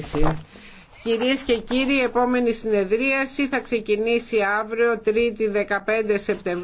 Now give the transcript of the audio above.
συζήτηση. Κυρίες και κύριοι, η επόμενη συνεδρίαση θα ξεκινήσει αύριο 3η 15 Σεπτεμβρίου.